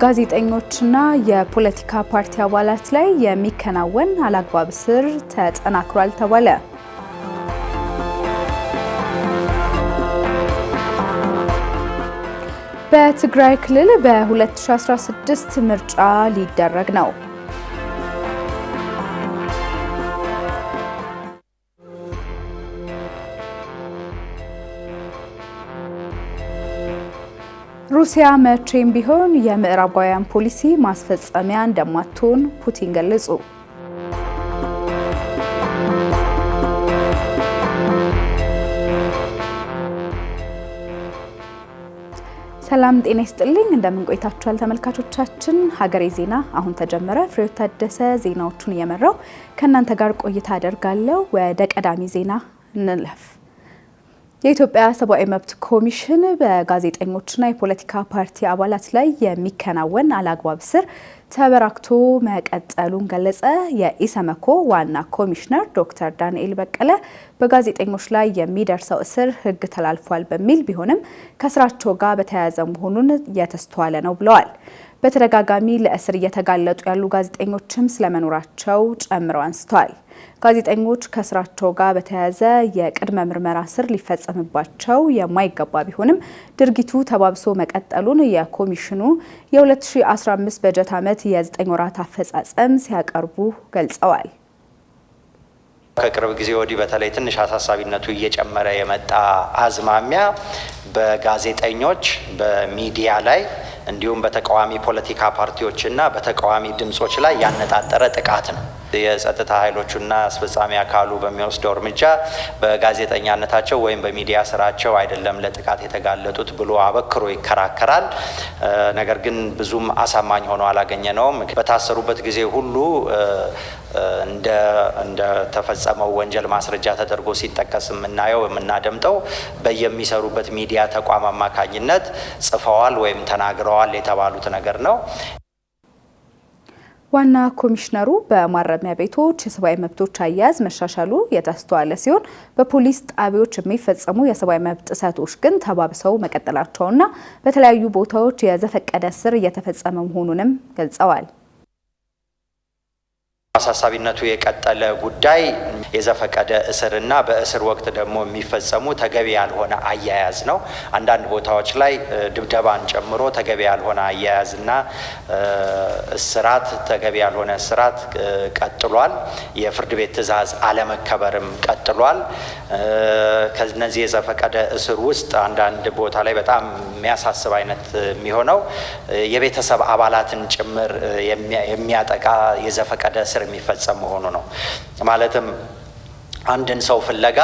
በጋዜጠኞችና የፖለቲካ ፓርቲ አባላት ላይ የሚከናወን አላግባብ ስር ተጠናክሯል ተባለ። በትግራይ ክልል በ2016 ምርጫ ሊደረግ ነው። ሩሲያ መቼም ቢሆን የምዕራባውያን ፖሊሲ ማስፈጸሚያ እንደማትሆን ፑቲን ገለጹ። ሰላም ጤና ይስጥልኝ። እንደምን ቆይታችኋል ተመልካቾቻችን? ሀገሬ ዜና አሁን ተጀመረ። ፍሬው ታደሰ ዜናዎቹን እየመራው ከእናንተ ጋር ቆይታ አደርጋለሁ። ወደ ቀዳሚ ዜና እንለፍ። የኢትዮጵያ ሰብአዊ መብት ኮሚሽን በጋዜጠኞችና የፖለቲካ ፓርቲ አባላት ላይ የሚከናወን አላግባብ ስር ተበራክቶ መቀጠሉን ገለጸ። የኢሰመኮ ዋና ኮሚሽነር ዶክተር ዳንኤል በቀለ በጋዜጠኞች ላይ የሚደርሰው እስር ሕግ ተላልፏል በሚል ቢሆንም ከስራቸው ጋር በተያያዘ መሆኑን የተስተዋለ ነው ብለዋል። በተደጋጋሚ ለእስር እየተጋለጡ ያሉ ጋዜጠኞችም ስለመኖራቸው ጨምረው አንስተዋል። ጋዜጠኞች ከስራቸው ጋር በተያያዘ የቅድመ ምርመራ ስር ሊፈጸምባቸው የማይገባ ቢሆንም ድርጊቱ ተባብሶ መቀጠሉን የኮሚሽኑ የ2015 በጀት ዓመት የ9 ወራት አፈጻጸም ሲያቀርቡ ገልጸዋል። ከቅርብ ጊዜ ወዲህ በተለይ ትንሽ አሳሳቢነቱ እየጨመረ የመጣ አዝማሚያ በጋዜጠኞች በሚዲያ ላይ እንዲሁም በተቃዋሚ ፖለቲካ ፓርቲዎችና በተቃዋሚ ድምጾች ላይ ያነጣጠረ ጥቃት ነው። የጸጥታ ኃይሎቹና አስፈጻሚ አካሉ በሚወስደው እርምጃ በጋዜጠኛነታቸው ወይም በሚዲያ ስራቸው አይደለም ለጥቃት የተጋለጡት ብሎ አበክሮ ይከራከራል። ነገር ግን ብዙም አሳማኝ ሆኖ አላገኘ ነውም። በታሰሩበት ጊዜ ሁሉ እንደተፈጸመው ወንጀል ማስረጃ ተደርጎ ሲጠቀስ የምናየው የምናደምጠው በየሚሰሩበት ሚዲያ ተቋም አማካኝነት ጽፈዋል ወይም ተናግረዋል የተባሉት ነገር ነው። ዋና ኮሚሽነሩ በማረሚያ ቤቶች የሰብአዊ መብቶች አያያዝ መሻሻሉ የተስተዋለ ሲሆን በፖሊስ ጣቢያዎች የሚፈጸሙ የሰብአዊ መብት ጥሰቶች ግን ተባብሰው መቀጠላቸውና በተለያዩ ቦታዎች የዘፈቀደ እስር እየተፈጸመ መሆኑንም ገልጸዋል። አሳሳቢነቱ የቀጠለ ጉዳይ የዘፈቀደ እስርና በእስር ወቅት ደግሞ የሚፈጸሙ ተገቢ ያልሆነ አያያዝ ነው። አንዳንድ ቦታዎች ላይ ድብደባን ጨምሮ ተገቢ ያልሆነ አያያዝና እስራት ተገቢ ያልሆነ እስራት ቀጥሏል። የፍርድ ቤት ትዕዛዝ አለመከበርም ቀጥሏል። ከነዚህ የዘፈቀደ እስር ውስጥ አንዳንድ ቦታ ላይ በጣም የሚያሳስብ አይነት የሚሆነው የቤተሰብ አባላትን ጭምር የሚያጠቃ የዘፈቀደ እስር የሚፈጸም መሆኑ ነው ማለትም አንድን ሰው ፍለጋ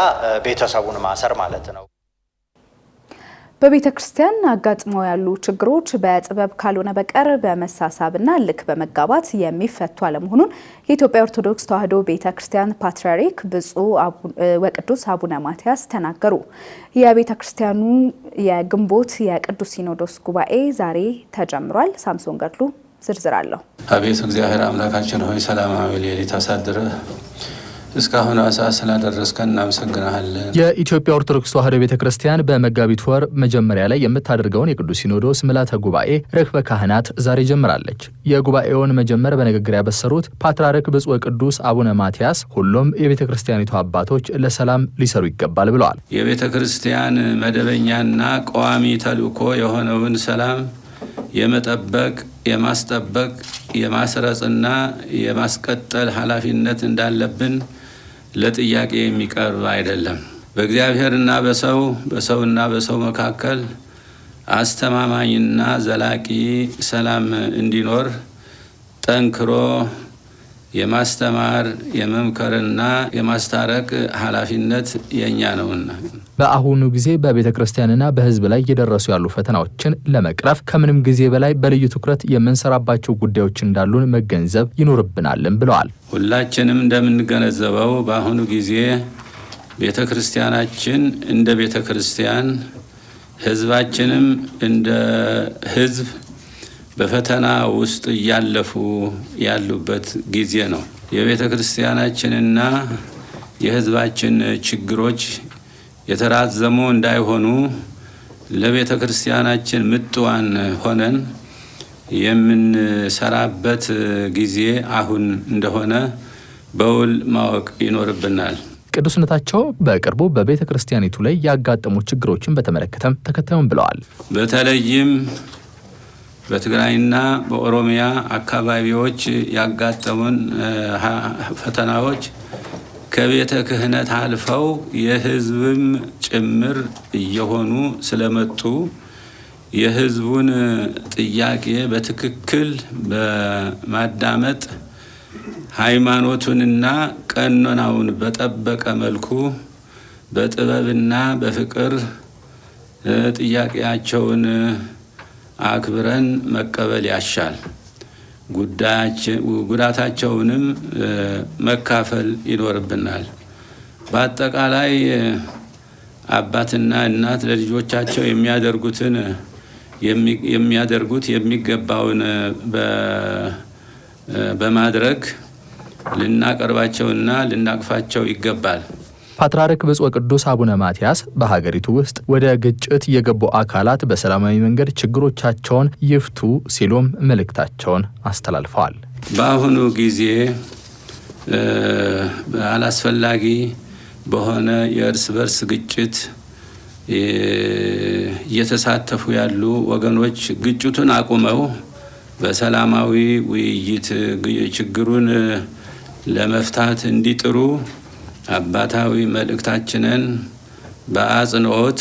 ቤተሰቡን ማሰር ማለት ነው። በቤተ ክርስቲያን አጋጥመው ያሉ ችግሮች በጥበብ ካልሆነ በቀር በመሳሳብና ልክ በመጋባት የሚፈቱ አለመሆኑን የኢትዮጵያ ኦርቶዶክስ ተዋሕዶ ቤተ ክርስቲያን ፓትርያርክ ብፁዕ ወቅዱስ አቡነ ማትያስ ተናገሩ። የቤተ ክርስቲያኑ የግንቦት የቅዱስ ሲኖዶስ ጉባኤ ዛሬ ተጀምሯል። ሳምሶን ገድሉ ዝርዝር አለሁ። አቤት እግዚአብሔር አምላካችን ሆይ ሰላማዊ ሌሊት አሳድረህ እስካሁን አሳ ስላደረስከን እናመሰግናለን። የኢትዮጵያ ኦርቶዶክስ ተዋሕዶ ቤተ ክርስቲያን በመጋቢት ወር መጀመሪያ ላይ የምታደርገውን የቅዱስ ሲኖዶስ ምልዓተ ጉባኤ ርክበ ካህናት ዛሬ ጀምራለች። የጉባኤውን መጀመር በንግግር ያበሰሩት ፓትርያርክ ብፁዕ ቅዱስ አቡነ ማትያስ ሁሉም የቤተ ክርስቲያኒቱ አባቶች ለሰላም ሊሰሩ ይገባል ብለዋል። የቤተ ክርስቲያን መደበኛና ቋሚ ተልእኮ የሆነውን ሰላም የመጠበቅ የማስጠበቅ የማስረጽና የማስቀጠል ኃላፊነት እንዳለብን ለጥያቄ የሚቀርብ አይደለም። በእግዚአብሔርና በሰው በሰውና በሰው መካከል አስተማማኝና ዘላቂ ሰላም እንዲኖር ጠንክሮ የማስተማር የመምከርና የማስታረቅ ኃላፊነት የእኛ ነውና በአሁኑ ጊዜ በቤተ ክርስቲያንና በሕዝብ ላይ እየደረሱ ያሉ ፈተናዎችን ለመቅረፍ ከምንም ጊዜ በላይ በልዩ ትኩረት የምንሰራባቸው ጉዳዮች እንዳሉን መገንዘብ ይኖርብናልም ብለዋል። ሁላችንም እንደምንገነዘበው በአሁኑ ጊዜ ቤተ ክርስቲያናችን እንደ ቤተ ክርስቲያን፣ ሕዝባችንም እንደ ሕዝብ በፈተና ውስጥ እያለፉ ያሉበት ጊዜ ነው። የቤተ ክርስቲያናችንና የሕዝባችን ችግሮች የተራዘሙ እንዳይሆኑ ለቤተ ክርስቲያናችን ምጥዋን ሆነን የምንሰራበት ጊዜ አሁን እንደሆነ በውል ማወቅ ይኖርብናል። ቅዱስነታቸው በቅርቡ በቤተ ክርስቲያኒቱ ላይ ያጋጠሙ ችግሮችን በተመለከተም ተከታዩን ብለዋል። በተለይም በትግራይና በኦሮሚያ አካባቢዎች ያጋጠሙን ፈተናዎች ከቤተ ክህነት አልፈው የሕዝብም ጭምር እየሆኑ ስለመጡ የሕዝቡን ጥያቄ በትክክል በማዳመጥ ሃይማኖቱንና ቀኖናውን በጠበቀ መልኩ በጥበብና በፍቅር ጥያቄያቸውን አክብረን መቀበል ያሻል። ጉዳታቸውንም መካፈል ይኖርብናል። በአጠቃላይ አባትና እናት ለልጆቻቸው የሚያደርጉትን የሚያደርጉት የሚገባውን በማድረግ ልናቀርባቸውና ልናቅፋቸው ይገባል። ፓትርያርክ ብፁዕ ቅዱስ አቡነ ማትያስ በሀገሪቱ ውስጥ ወደ ግጭት የገቡ አካላት በሰላማዊ መንገድ ችግሮቻቸውን ይፍቱ ሲሉም መልእክታቸውን አስተላልፈዋል። በአሁኑ ጊዜ አላስፈላጊ በሆነ የእርስ በርስ ግጭት እየተሳተፉ ያሉ ወገኖች ግጭቱን አቁመው በሰላማዊ ውይይት ችግሩን ለመፍታት እንዲጥሩ አባታዊ መልእክታችንን በአጽንኦት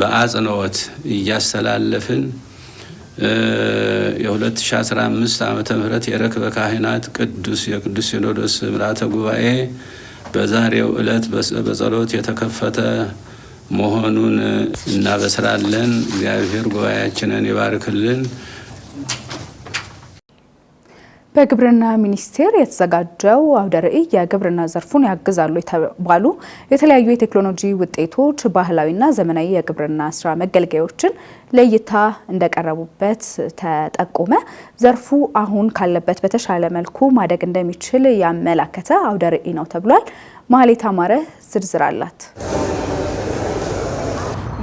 በአጽንኦት እያስተላለፍን የ2015 ዓመተ ምህረት የረክበ ካህናት ቅዱስ የቅዱስ ሲኖዶስ ምልዓተ ጉባኤ በዛሬው ዕለት በጸሎት የተከፈተ መሆኑን እናበስራለን። እግዚአብሔር ጉባኤያችንን ይባርክልን። በግብርና ሚኒስቴር የተዘጋጀው አውደ ርዕይ የግብርና ዘርፉን ያግዛሉ የተባሉ የተለያዩ የቴክኖሎጂ ውጤቶች ባህላዊና ዘመናዊ የግብርና ስራ መገልገያዎችን ለእይታ እንደቀረቡበት ተጠቆመ። ዘርፉ አሁን ካለበት በተሻለ መልኩ ማደግ እንደሚችል ያመላከተ አውደ ርዕይ ነው ተብሏል። ማህሌት አማረ ዝርዝር አላት።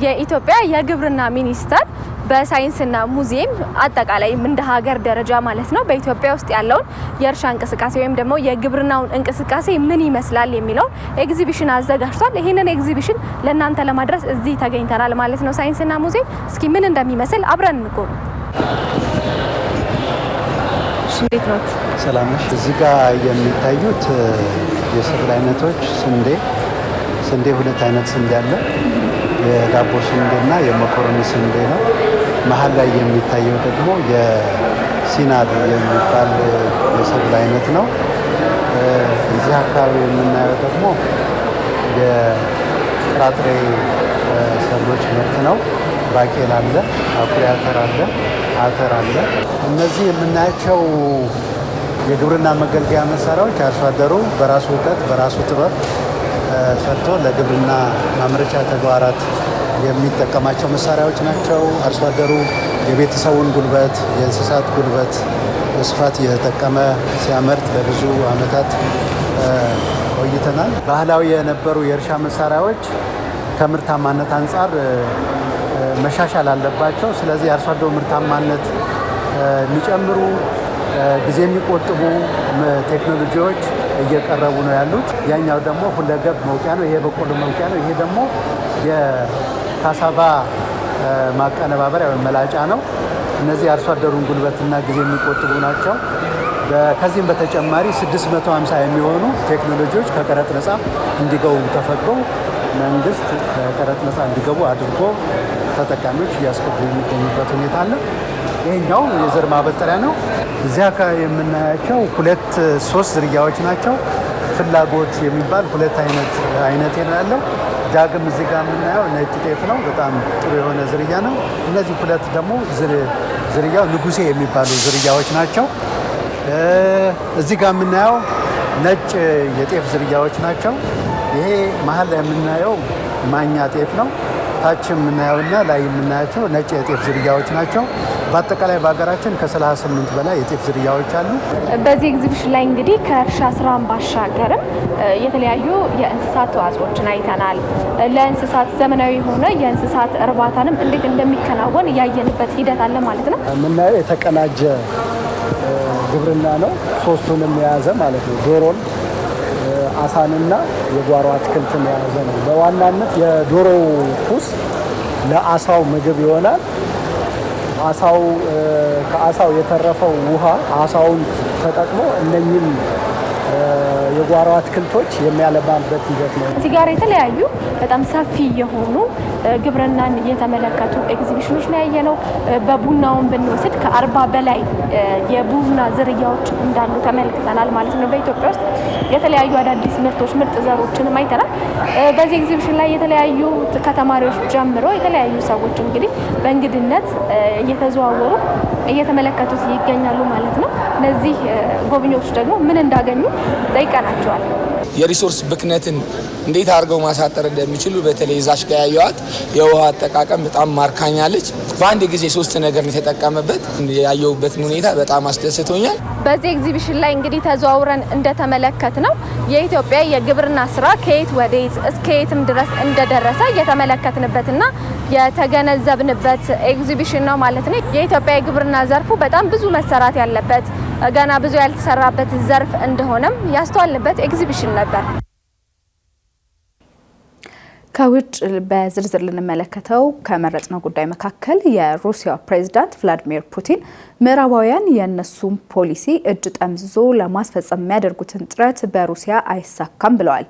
የኢትዮጵያ የግብርና ሚኒስቴር በሳይንስና ሙዚየም አጠቃላይም እንደ ሀገር ደረጃ ማለት ነው በኢትዮጵያ ውስጥ ያለውን የእርሻ እንቅስቃሴ ወይም ደግሞ የግብርናውን እንቅስቃሴ ምን ይመስላል የሚለው ኤግዚቢሽን አዘጋጅቷል። ይህንን ኤግዚቢሽን ለእናንተ ለማድረስ እዚህ ተገኝተናል ማለት ነው። ሳይንስና ሙዚየም እስኪ ምን እንደሚመስል አብረን እንጎብኝ። እንዴት ነው? ሰላም ነሽ? እዚህ ጋር የሚታዩት የሰብል አይነቶች ስንዴ ስንዴ ሁለት አይነት ስንዴ አለ የዳቦ ስንዴና የመኮረኒ ስንዴ ነው። መሀል ላይ የሚታየው ደግሞ የሲናድ የሚባል የሰብል አይነት ነው። እዚህ አካባቢ የምናየው ደግሞ የጥራጥሬ ሰብሎች ምርት ነው። ባቄላ አለ፣ አኩሪ አተር አለ፣ አተር አለ። እነዚህ የምናያቸው የግብርና መገልገያ መሳሪያዎች አርሶ አደሩ በራሱ እውቀት በራሱ ጥበብ ሰርቶ ለግብርና ማምረቻ ተግባራት የሚጠቀማቸው መሳሪያዎች ናቸው። አርሶ አደሩ የቤተሰቡን ጉልበት፣ የእንስሳት ጉልበት በስፋት እየተጠቀመ ሲያመርት ለብዙ ዓመታት ቆይተናል። ባህላዊ የነበሩ የእርሻ መሳሪያዎች ከምርታማነት አንጻር መሻሻል አለባቸው። ስለዚህ የአርሶ አደሩ ምርታማነት የሚጨምሩ ጊዜ የሚቆጥቡ ቴክኖሎጂዎች እየቀረቡ ነው ያሉት። ያኛው ደግሞ ሁለገብ መውቂያ ነው። ይሄ በቆሎ መውቂያ ነው። ይሄ ደግሞ የካሳቫ ማቀነባበሪያ ወይም መላጫ ነው። እነዚህ አርሶ አደሩን ጉልበትና ጊዜ የሚቆጥቡ ናቸው። ከዚህም በተጨማሪ 650 የሚሆኑ ቴክኖሎጂዎች ከቀረጥ ነፃ እንዲገቡ ተፈቅዶ መንግስት ከቀረጥ ነፃ እንዲገቡ አድርጎ ተጠቃሚዎች እያስገቡ የሚገኙበት ሁኔታ አለ። ይህኛው የዘር ማበጠሪያ ነው። እዚያ የምናያቸው ሁለት ሶስት ዝርያዎች ናቸው። ፍላጎት የሚባል ሁለት አይነት አይነት ነው ያለው። ዳግም እዚህ ጋር የምናየው ነጭ ጤፍ ነው። በጣም ጥሩ የሆነ ዝርያ ነው። እነዚህ ሁለት ደግሞ ዝርያው ንጉሴ የሚባሉ ዝርያዎች ናቸው። እዚህ ጋር የምናየው ነጭ የጤፍ ዝርያዎች ናቸው። ይሄ መሀል ላይ የምናየው ማኛ ጤፍ ነው። ታች የምናየውና ላይ የምናያቸው ነጭ የጤፍ ዝርያዎች ናቸው። በአጠቃላይ በሀገራችን ከ38 በላይ የጤፍ ዝርያዎች አሉ። በዚህ ኤግዚቢሽን ላይ እንግዲህ ከእርሻ ስራን ባሻገርም የተለያዩ የእንስሳት ተዋጽኦችን አይተናል። ለእንስሳት ዘመናዊ የሆነ የእንስሳት እርባታንም እንዴት እንደሚከናወን እያየንበት ሂደት አለ ማለት ነው። የምናየው የተቀናጀ ግብርና ነው። ሶስቱንም የያዘ ማለት ነው ዶሮን አሳንና የጓሮ አትክልትን የያዘ ነው። በዋናነት የዶሮ ኩስ ለአሳው ምግብ ይሆናል። አሳው ከአሳው የተረፈው ውሃ አሳውን ተጠቅሞ እነኚህም የጓሮ አትክልቶች የሚያለባንበት ሂደት ነው። እዚህ ጋር የተለያዩ በጣም ሰፊ የሆኑ ግብርናን የተመለከቱ ኤግዚቢሽኖች ነው ነው። በቡናውን ብንወስድ ከአርባ በላይ የቡና ዝርያዎች እንዳሉ ተመልክተናል ማለት ነው በኢትዮጵያ ውስጥ የተለያዩ አዳዲስ ምርቶች፣ ምርጥ ዘሮችንም አይተናል። በዚህ ኤግዚቢሽን ላይ የተለያዩ ከተማሪዎች ጀምሮ የተለያዩ ሰዎች እንግዲህ በእንግድነት እየተዘዋወሩ እየተመለከቱት ይገኛሉ ማለት ነው። እነዚህ ጎብኚዎች ደግሞ ምን እንዳገኙ ጠይቀናቸዋል። የሪሶርስ ብክነትን እንዴት አድርገው ማሳጠር እንደሚችሉ በተለይ ዛሽ ያየዋት የውሃ አጠቃቀም በጣም ማርካኛለች። በአንድ ጊዜ ሶስት ነገር ነው የተጠቀመበት። ያየሁበትን ሁኔታ በጣም አስደስቶኛል። በዚህ ኤግዚቢሽን ላይ እንግዲህ ተዘዋውረን እንደተመለከት ነው የኢትዮጵያ የግብርና ስራ ከየት ወዴት እስከየትም ድረስ እንደደረሰ ና የተገነዘብንበት ኤግዚቢሽን ነው ማለት ነው። የኢትዮጵያ የግብርና ዘርፉ በጣም ብዙ መሰራት ያለበት ገና ብዙ ያልተሰራበት ዘርፍ እንደሆነም ያስተዋልንበት ኤግዚቢሽን ነበር። ከውጭ በዝርዝር ልንመለከተው ከመረጥነው ጉዳይ መካከል የሩሲያ ፕሬዚዳንት ቭላዲሚር ፑቲን ምዕራባውያን የእነሱም ፖሊሲ እጅ ጠምዝዞ ለማስፈጸም የሚያደርጉትን ጥረት በሩሲያ አይሳካም ብለዋል።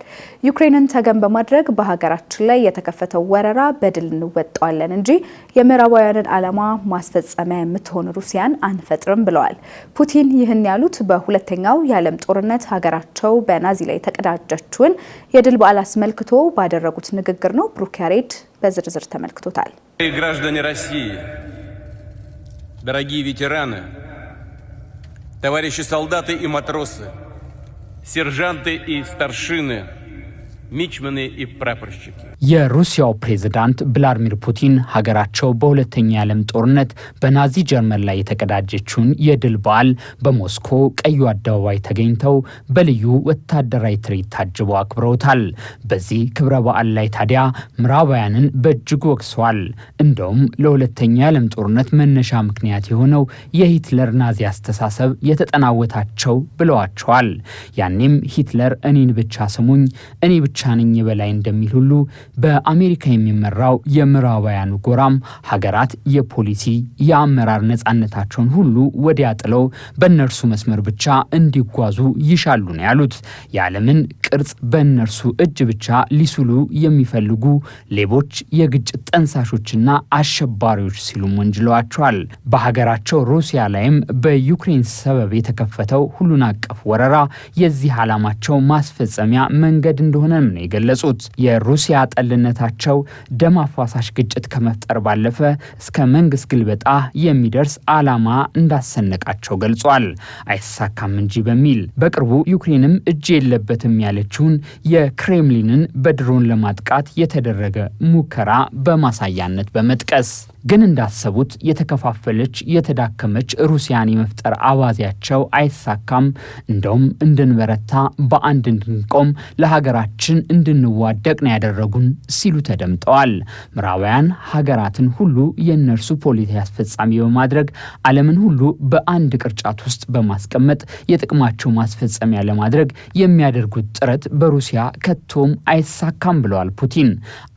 ዩክሬንን ተገን በማድረግ በሀገራችን ላይ የተከፈተው ወረራ በድል እንወጣዋለን እንጂ የምዕራባውያንን ዓላማ ማስፈጸሚያ የምትሆን ሩሲያን አንፈጥርም ብለዋል። ፑቲን ይህን ያሉት በሁለተኛው የዓለም ጦርነት ሀገራቸው በናዚ ላይ የተቀዳጀችውን የድል በዓል አስመልክቶ ባደረጉት ንግግር ነው። ብሩክ ያሬድ በዝርዝር ተመልክቶታል። дорогие ветераны, товарищи солдаты и матросы, сержанты и старшины, мичманы и прапорщики. የሩሲያው ፕሬዝዳንት ቭላድሚር ፑቲን ሀገራቸው በሁለተኛ የዓለም ጦርነት በናዚ ጀርመን ላይ የተቀዳጀችውን የድል በዓል በሞስኮ ቀዩ አደባባይ ተገኝተው በልዩ ወታደራዊ ትርኢት ታጅበው አክብረውታል። በዚህ ክብረ በዓል ላይ ታዲያ ምዕራባውያንን በእጅጉ ወቅሰዋል። እንደውም ለሁለተኛ የዓለም ጦርነት መነሻ ምክንያት የሆነው የሂትለር ናዚ አስተሳሰብ የተጠናወታቸው ብለዋቸዋል። ያኔም ሂትለር እኔን ብቻ ስሙኝ፣ እኔ ብቻ ነኝ በላይ እንደሚል ሁሉ በአሜሪካ የሚመራው የምዕራባውያኑ ጎራም ሀገራት የፖሊሲ የአመራር ነጻነታቸውን ሁሉ ወዲያ ጥለው በእነርሱ መስመር ብቻ እንዲጓዙ ይሻሉ ነው ያሉት። የዓለምን ቅርጽ በእነርሱ እጅ ብቻ ሊስሉ የሚፈልጉ ሌቦች፣ የግጭት ጠንሳሾችና አሸባሪዎች ሲሉም ወንጅለዋቸዋል። በሀገራቸው ሩሲያ ላይም በዩክሬን ሰበብ የተከፈተው ሁሉን አቀፍ ወረራ የዚህ ዓላማቸው ማስፈጸሚያ መንገድ እንደሆነም ነው የገለጹት። የሩሲያ ጠልነታቸው ደም አፋሳሽ ግጭት ከመፍጠር ባለፈ እስከ መንግስት ግልበጣ የሚደርስ ዓላማ እንዳሰነቃቸው ገልጿል። አይሳካም እንጂ በሚል በቅርቡ ዩክሬንም እጅ የለበትም ያለ ያለችውን የክሬምሊንን በድሮን ለማጥቃት የተደረገ ሙከራ በማሳያነት በመጥቀስ ግን እንዳሰቡት የተከፋፈለች የተዳከመች ሩሲያን የመፍጠር አባዜያቸው አይሳካም። እንደውም እንድንበረታ፣ በአንድ እንድንቆም፣ ለሀገራችን እንድንዋደቅ ነው ያደረጉን ሲሉ ተደምጠዋል። ምዕራባውያን ሀገራትን ሁሉ የእነርሱ ፖሊሲ አስፈጻሚ በማድረግ ዓለምን ሁሉ በአንድ ቅርጫት ውስጥ በማስቀመጥ የጥቅማቸው ማስፈጸሚያ ለማድረግ የሚያደርጉት ጥረት በሩሲያ ከቶም አይሳካም ብለዋል ፑቲን።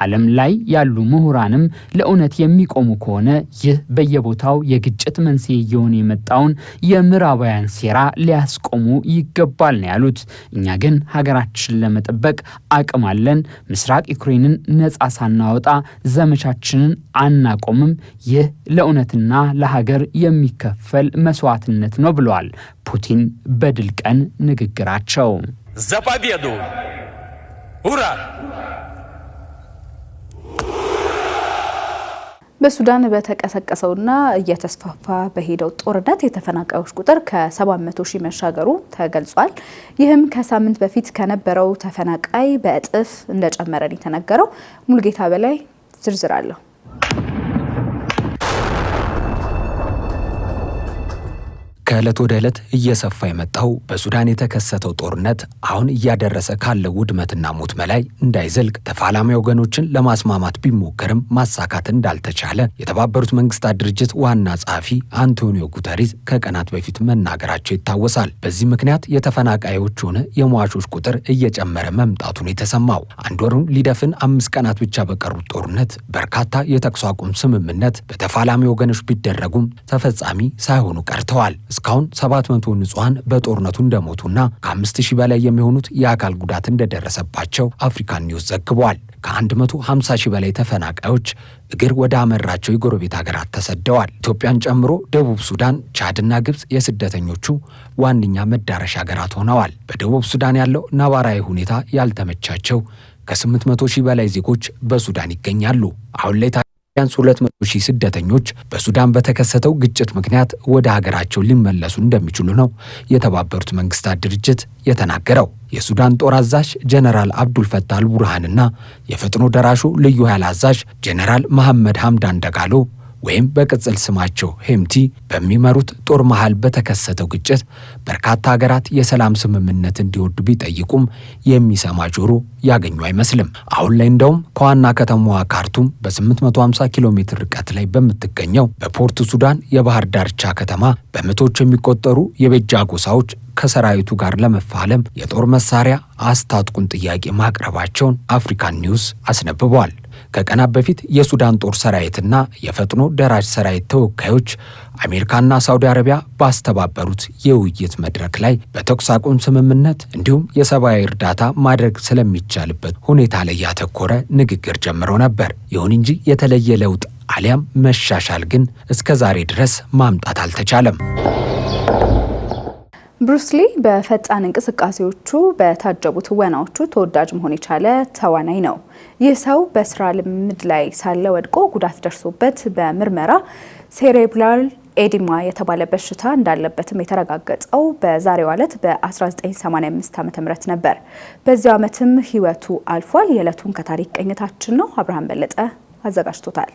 ዓለም ላይ ያሉ ምሁራንም ለእውነት የሚቆሙ ከሆነ ይህ በየቦታው የግጭት መንስኤ እየሆነ የመጣውን የምዕራባውያን ሴራ ሊያስቆሙ ይገባል ነው ያሉት። እኛ ግን ሀገራችንን ለመጠበቅ አቅም አለን። ምስራቅ ዩክሬንን ነጻ ሳናወጣ ዘመቻችንን አናቆምም። ይህ ለእውነትና ለሀገር የሚከፈል መስዋዕትነት ነው ብለዋል ፑቲን በድል ቀን ንግግራቸው። በሱዳን በተቀሰቀሰውና እየተስፋፋ በሄደው ጦርነት የተፈናቃዮች ቁጥር ከ700 ሺህ መሻገሩ ተገልጿል። ይህም ከሳምንት በፊት ከነበረው ተፈናቃይ በእጥፍ እንደጨመረ የተነገረው ሙልጌታ በላይ ዝርዝር አለሁ ከዕለት ወደ ዕለት እየሰፋ የመጣው በሱዳን የተከሰተው ጦርነት አሁን እያደረሰ ካለው ውድመትና ሞት መላይ እንዳይዘልቅ ተፋላሚ ወገኖችን ለማስማማት ቢሞከርም ማሳካት እንዳልተቻለ የተባበሩት መንግስታት ድርጅት ዋና ጸሐፊ አንቶኒዮ ጉተሪዝ ከቀናት በፊት መናገራቸው ይታወሳል። በዚህ ምክንያት የተፈናቃዮች ሆነ የሟቾች ቁጥር እየጨመረ መምጣቱን የተሰማው አንድ ወሩን ሊደፍን አምስት ቀናት ብቻ በቀሩት ጦርነት በርካታ የተኩስ አቁም ስምምነት በተፋላሚ ወገኖች ቢደረጉም ተፈጻሚ ሳይሆኑ ቀርተዋል። እስካሁን 700 ንጹሐን በጦርነቱ እንደሞቱና ከ5000 በላይ የሚሆኑት የአካል ጉዳት እንደደረሰባቸው አፍሪካን ኒውስ ዘግቧል። ከ150 ሺህ በላይ ተፈናቃዮች እግር ወደ አመራቸው የጎረቤት ሀገራት ተሰደዋል። ኢትዮጵያን ጨምሮ ደቡብ ሱዳን፣ ቻድና ግብፅ የስደተኞቹ ዋነኛ መዳረሻ ሀገራት ሆነዋል። በደቡብ ሱዳን ያለው ነባራዊ ሁኔታ ያልተመቻቸው ከ800 ሺህ በላይ ዜጎች በሱዳን ይገኛሉ። አሁን ላይ ቢያንስ 200 ሺህ ስደተኞች በሱዳን በተከሰተው ግጭት ምክንያት ወደ ሀገራቸው ሊመለሱ እንደሚችሉ ነው የተባበሩት መንግስታት ድርጅት የተናገረው። የሱዳን ጦር አዛዥ ጀነራል አብዱልፈታል ቡርሃንና የፈጥኖ ደራሹ ልዩ ኃይል አዛዥ ጀነራል መሐመድ ሐምዳን ደጋሎ ወይም በቅጽል ስማቸው ሄምቲ በሚመሩት ጦር መሃል በተከሰተው ግጭት በርካታ ሀገራት የሰላም ስምምነት እንዲወዱ ቢጠይቁም የሚሰማ ጆሮ ያገኙ አይመስልም። አሁን ላይ እንደውም ከዋና ከተማዋ ካርቱም በ850 ኪሎ ሜትር ርቀት ላይ በምትገኘው በፖርት ሱዳን የባህር ዳርቻ ከተማ በመቶች የሚቆጠሩ የበጃ ጎሳዎች ከሰራዊቱ ጋር ለመፋለም የጦር መሳሪያ አስታጥቁን ጥያቄ ማቅረባቸውን አፍሪካን ኒውስ አስነብቧል። ከቀናት በፊት የሱዳን ጦር ሰራዊትና የፈጥኖ ደራጅ ሰራዊት ተወካዮች አሜሪካና ሳውዲ አረቢያ ባስተባበሩት የውይይት መድረክ ላይ በተኩስ አቁም ስምምነት እንዲሁም የሰብአዊ እርዳታ ማድረግ ስለሚቻልበት ሁኔታ ላይ ያተኮረ ንግግር ጀምሮ ነበር። ይሁን እንጂ የተለየ ለውጥ አሊያም መሻሻል ግን እስከ ዛሬ ድረስ ማምጣት አልተቻለም። ብሩስ ሊ በፈጣን እንቅስቃሴዎቹ በታጀቡ ትወናዎቹ ተወዳጅ መሆን የቻለ ተዋናይ ነው። ይህ ሰው በስራ ልምምድ ላይ ሳለ ወድቆ ጉዳት ደርሶበት በምርመራ ሴሬብራል ኤዲማ የተባለ በሽታ እንዳለበትም የተረጋገጠው በዛሬው ዕለት በ1985 ዓ ም ነበር። በዚያው ዓመትም ህይወቱ አልፏል። የዕለቱን ከታሪክ ቅኝታችን ነው። አብርሃም በለጠ አዘጋጅቶታል።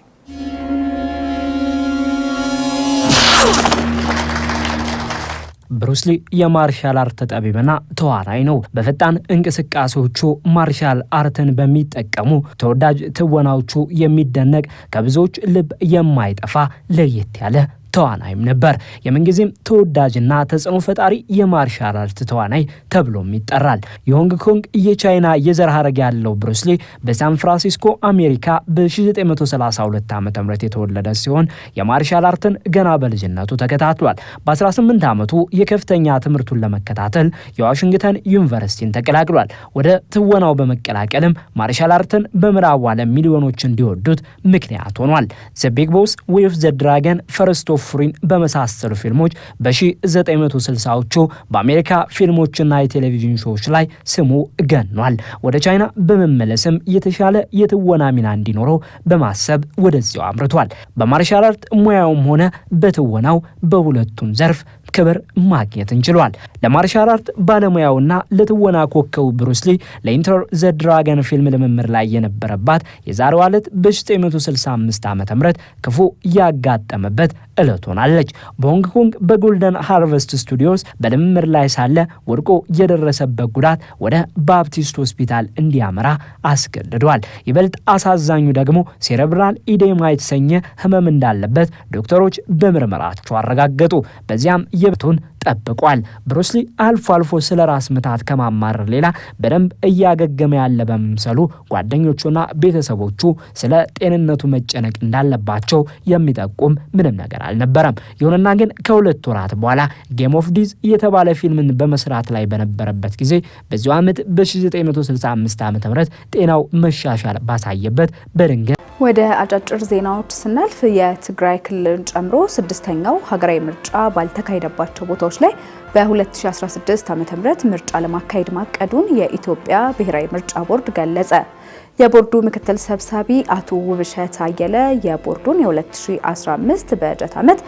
ብሩስሊ የማርሻል አርት ተጠቢብና ተዋናይ ነው። በፈጣን እንቅስቃሴዎቹ ማርሻል አርትን በሚጠቀሙ ተወዳጅ ትወናዎቹ የሚደነቅ ከብዙዎች ልብ የማይጠፋ ለየት ያለ ተዋናይም ነበር። የምንጊዜም ተወዳጅና ተጽዕኖ ፈጣሪ የማርሻል አርት ተዋናይ ተብሎም ይጠራል። የሆንግ ኮንግ የቻይና የዘር ሀረግ ያለው ብሩስሊ በሳን ፍራንሲስኮ አሜሪካ በ1932 ዓ ም የተወለደ ሲሆን የማርሻል አርትን ገና በልጅነቱ ተከታትሏል። በ18 ዓመቱ የከፍተኛ ትምህርቱን ለመከታተል የዋሽንግተን ዩኒቨርሲቲን ተቀላቅሏል። ወደ ትወናው በመቀላቀልም ማርሻል አርትን በምዕራቡ ዓለም ሚሊዮኖች እንዲወዱት ምክንያት ሆኗል። ዘ ቢግ ቦስ ዊዝ ዘ ድራገን ፈርስት ኦፍ ፉሪን በመሳሰሉ ፊልሞች በ1960ዎቹ በአሜሪካ ፊልሞችና የቴሌቪዥን ሾዎች ላይ ስሙ ገኗል። ወደ ቻይና በመመለስም የተሻለ የትወና ሚና እንዲኖረው በማሰብ ወደዚያው አምርቷል። በማርሻል አርት ሙያውም ሆነ በትወናው በሁለቱም ዘርፍ ክብር ማግኘት እንችሏል። ለማርሻል አርት ባለሙያውና ለትወና ኮከቡ ብሩስሊ ለኢንተር ዘ ድራገን ፊልም ልምምር ላይ የነበረባት የዛሬዋ ዕለት በ965 ዓ ም ክፉ ያጋጠመበት እለ ትሆናለች። በሆንግ ኮንግ በጎልደን ሃርቨስት ስቱዲዮስ በልምምድ ላይ ሳለ ወድቆ የደረሰበት ጉዳት ወደ ባፕቲስት ሆስፒታል እንዲያመራ አስገድዷል። ይበልጥ አሳዛኙ ደግሞ ሴረብራል ኢዴማ የተሰኘ ህመም እንዳለበት ዶክተሮች በምርመራቸው አረጋገጡ። በዚያም የብቱን ጠብቋል። ብሩስሊ አልፎ አልፎ ስለ ራስ ምታት ከማማረር ሌላ በደንብ እያገገመ ያለ በመምሰሉ ጓደኞቹና ቤተሰቦቹ ስለ ጤንነቱ መጨነቅ እንዳለባቸው የሚጠቁም ምንም ነገር አልነበረም። ይሁንና ግን ከሁለት ወራት በኋላ ጌም ኦፍ ዲዝ የተባለ ፊልምን በመስራት ላይ በነበረበት ጊዜ በዚሁ ዓመት በ1965 ዓ ም ጤናው መሻሻል ባሳየበት በድንገት ወደ አጫጭር ዜናዎች ስናልፍ የትግራይ ክልልን ጨምሮ ስድስተኛው ሀገራዊ ምርጫ ባልተካሄደባቸው ቦታዎች ላይ በ2016 ዓ.ም ምርጫ ለማካሄድ ማቀዱን የኢትዮጵያ ብሔራዊ ምርጫ ቦርድ ገለጸ። የቦርዱ ምክትል ሰብሳቢ አቶ ውብሸት አየለ የቦርዱን የ2015 በጀት ዓመት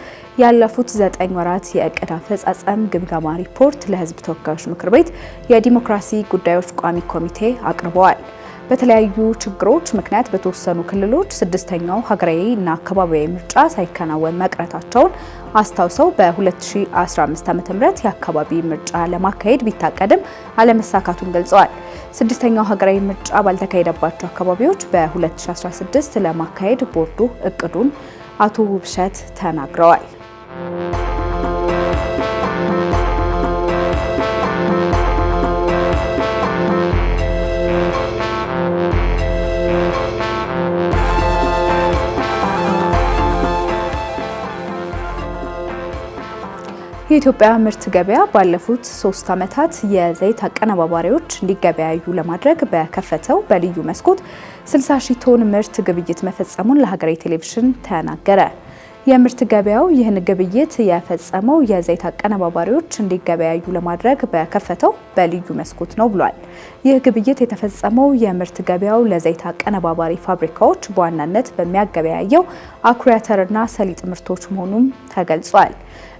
ያለፉት ዘጠኝ ወራት የእቅድ አፈጻጸም ግምገማ ሪፖርት ለሕዝብ ተወካዮች ምክር ቤት የዲሞክራሲ ጉዳዮች ቋሚ ኮሚቴ አቅርበዋል። በተለያዩ ችግሮች ምክንያት በተወሰኑ ክልሎች ስድስተኛው ሀገራዊ እና አካባቢያዊ ምርጫ ሳይከናወን መቅረታቸውን አስታውሰው በ2015 ዓ.ም የአካባቢ ምርጫ ለማካሄድ ቢታቀድም አለመሳካቱን ገልጸዋል። ስድስተኛው ሀገራዊ ምርጫ ባልተካሄደባቸው አካባቢዎች በ2016 ለማካሄድ ቦርዱ እቅዱን አቶ ውብሸት ተናግረዋል። የኢትዮጵያ ምርት ገበያ ባለፉት ሶስት ዓመታት የዘይት አቀነባባሪዎች እንዲገበያዩ ለማድረግ በከፈተው በልዩ መስኮት 60 ሺህ ቶን ምርት ግብይት መፈጸሙን ለሀገሬ ቴሌቪዥን ተናገረ። የምርት ገበያው ይህን ግብይት የፈጸመው የዘይት አቀነባባሪዎች እንዲገበያዩ ለማድረግ በከፈተው በልዩ መስኮት ነው ብሏል። ይህ ግብይት የተፈጸመው የምርት ገበያው ለዘይት አቀነባባሪ ፋብሪካዎች በዋናነት በሚያገበያየው አኩሪ አተርና ሰሊጥ ምርቶች መሆኑም ተገልጿል።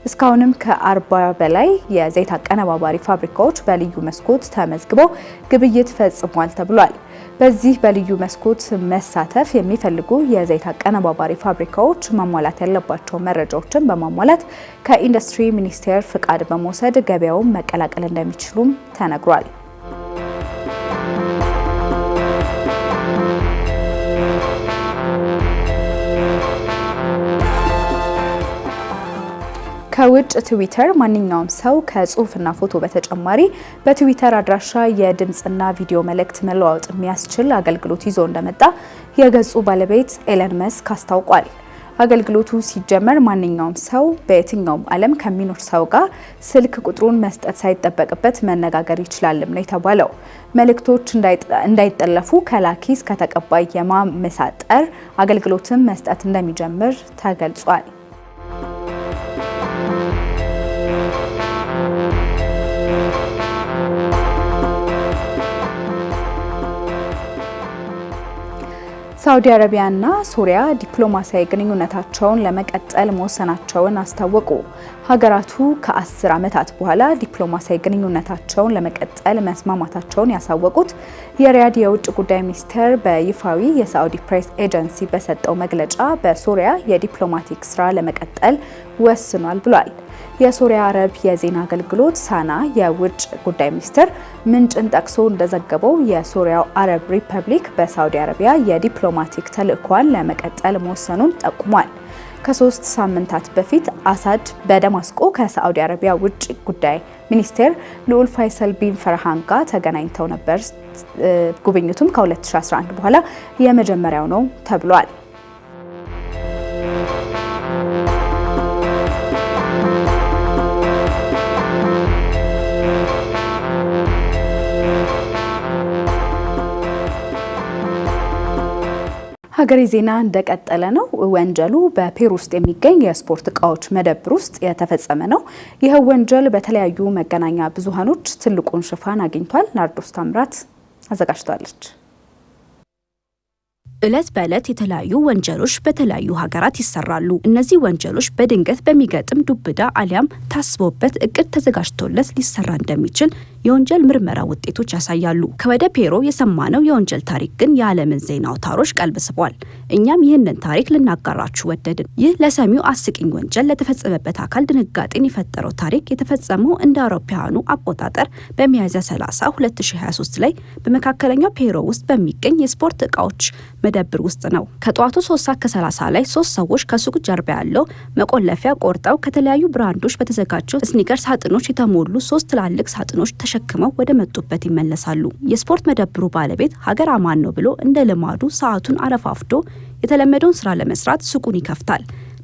እስካሁንም ከአርባ በላይ የዘይት አቀነባባሪ ፋብሪካዎች በልዩ መስኮት ተመዝግበው ግብይት ፈጽሟል ተብሏል። በዚህ በልዩ መስኮት መሳተፍ የሚፈልጉ የዘይት አቀነባባሪ ፋብሪካዎች ማሟላት ያለባቸው መረጃዎችን በማሟላት ከኢንዱስትሪ ሚኒስቴር ፍቃድ በመውሰድ ገበያውን መቀላቀል እንደሚችሉም ተነግሯል። ከውጭ ትዊተር ማንኛውም ሰው ከጽሁፍና ፎቶ በተጨማሪ በትዊተር አድራሻ የድምፅና ቪዲዮ መልእክት መለዋወጥ የሚያስችል አገልግሎት ይዞ እንደመጣ የገጹ ባለቤት ኤለን መስክ አስታውቋል። አገልግሎቱ ሲጀመር ማንኛውም ሰው በየትኛውም ዓለም ከሚኖር ሰው ጋር ስልክ ቁጥሩን መስጠት ሳይጠበቅበት መነጋገር ይችላልም ነው የተባለው። መልእክቶች እንዳይጠለፉ ከላኪ እስከ ተቀባይ የማመሳጠር አገልግሎትን መስጠት እንደሚጀምር ተገልጿል። ሳውዲ አረቢያና ሱሪያ ዲፕሎማሲያዊ ግንኙነታቸውን ለመቀጠል መወሰናቸውን አስታወቁ። ሀገራቱ ከአስር ዓመታት በኋላ ዲፕሎማሲያዊ ግንኙነታቸውን ለመቀጠል መስማማታቸውን ያሳወቁት የሪያድ የውጭ ጉዳይ ሚኒስቴር በይፋዊ የሳዑዲ ፕሬስ ኤጀንሲ በሰጠው መግለጫ በሶሪያ የዲፕሎማቲክ ስራ ለመቀጠል ወስኗል ብሏል። የሶሪያ አረብ የዜና አገልግሎት ሳና የውጭ ጉዳይ ሚኒስቴር ምንጭን ጠቅሶ እንደዘገበው የሶሪያው አረብ ሪፐብሊክ በሳዑዲ አረቢያ የዲፕሎማቲክ ተልእኳን ለመቀጠል መወሰኑን ጠቁሟል። ከሶስት ሳምንታት በፊት አሳድ በደማስቆ ከሳዑዲ አረቢያ ውጭ ጉዳይ ሚኒስቴር ልዑል ፋይሰል ቢን ፈርሃን ጋር ተገናኝተው ነበር። ጉብኝቱም ከ2011 በኋላ የመጀመሪያው ነው ተብሏል። ሀገሬ ዜና እንደቀጠለ ነው። ወንጀሉ በፔሩ ውስጥ የሚገኝ የስፖርት እቃዎች መደብር ውስጥ የተፈጸመ ነው። ይህ ወንጀል በተለያዩ መገናኛ ብዙሃኖች ትልቁን ሽፋን አግኝቷል። ናርዶስ ታምራት አዘጋጅታለች። እለት በእለት የተለያዩ ወንጀሎች በተለያዩ ሀገራት ይሰራሉ። እነዚህ ወንጀሎች በድንገት በሚገጥም ዱብዳ አሊያም ታስቦበት እቅድ ተዘጋጅቶለት ሊሰራ እንደሚችል የወንጀል ምርመራ ውጤቶች ያሳያሉ። ከወደ ፔሮ የሰማነው የወንጀል ታሪክ ግን የዓለምን ዜና አውታሮች ቀልብስቧል። እኛም ይህንን ታሪክ ልናጋራችሁ ወደድን። ይህ ለሰሚው አስቂኝ ወንጀል ለተፈጸመበት አካል ድንጋጤን የፈጠረው ታሪክ የተፈጸመው እንደ አውሮፓውያኑ አቆጣጠር በሚያዝያ 30 2023 ላይ በመካከለኛው ፔሮ ውስጥ በሚገኝ የስፖርት እቃዎች መደብር ውስጥ ነው። ከጠዋቱ 3 ሰዓት ከ30 ላይ ሶስት ሰዎች ከሱቅ ጀርባ ያለው መቆለፊያ ቆርጠው ከተለያዩ ብራንዶች በተዘጋጁ ስኒከር ሳጥኖች የተሞሉ ሶስት ትላልቅ ሳጥኖች ተሸ ተሸክመው ወደ መጡበት ይመለሳሉ። የስፖርት መደብሩ ባለቤት ሀገር አማን ነው ብሎ እንደ ልማዱ ሰዓቱን አረፋፍዶ የተለመደውን ስራ ለመስራት ሱቁን ይከፍታል።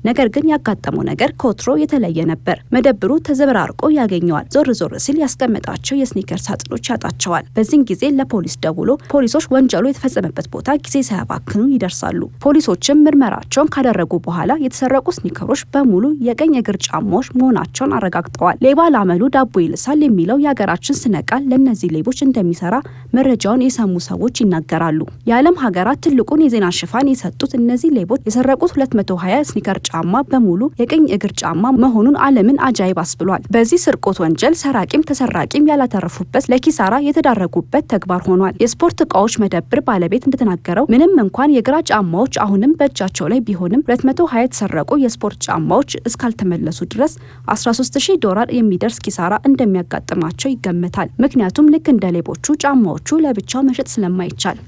ነገር ግን ያጋጠመው ነገር ከወትሮ የተለየ ነበር። መደብሩ ተዘበራርቆ ያገኘዋል። ዞር ዞር ሲል ያስቀመጣቸው የስኒከር ሳጥኖች ያጣቸዋል። በዚህን ጊዜ ለፖሊስ ደውሎ ፖሊሶች ወንጀሉ የተፈጸመበት ቦታ ጊዜ ሳያባክኑ ይደርሳሉ። ፖሊሶችም ምርመራቸውን ካደረጉ በኋላ የተሰረቁ ስኒከሮች በሙሉ የቀኝ እግር ጫማዎች መሆናቸውን አረጋግጠዋል። ሌባ ላመሉ ዳቦ ይልሳል የሚለው የሀገራችን ስነ ቃል ለእነዚህ ሌቦች እንደሚሰራ መረጃውን የሰሙ ሰዎች ይናገራሉ። የዓለም ሀገራት ትልቁን የዜና ሽፋን የሰጡት እነዚህ ሌቦች የሰረቁት 220 ስኒከር ጫማ በሙሉ የቀኝ እግር ጫማ መሆኑን ዓለምን አጃይብ አስብሏል። በዚህ ስርቆት ወንጀል ሰራቂም ተሰራቂም ያላተረፉበት ለኪሳራ የተዳረጉበት ተግባር ሆኗል። የስፖርት እቃዎች መደብር ባለቤት እንደተናገረው ምንም እንኳን የግራ ጫማዎች አሁንም በእጃቸው ላይ ቢሆንም 220 የተሰረቁ የስፖርት ጫማዎች እስካልተመለሱ ድረስ 130 ዶላር የሚደርስ ኪሳራ እንደሚያጋጥማቸው ይገመታል። ምክንያቱም ልክ እንደ ሌቦቹ ጫማዎቹ ለብቻው መሸጥ ስለማይቻል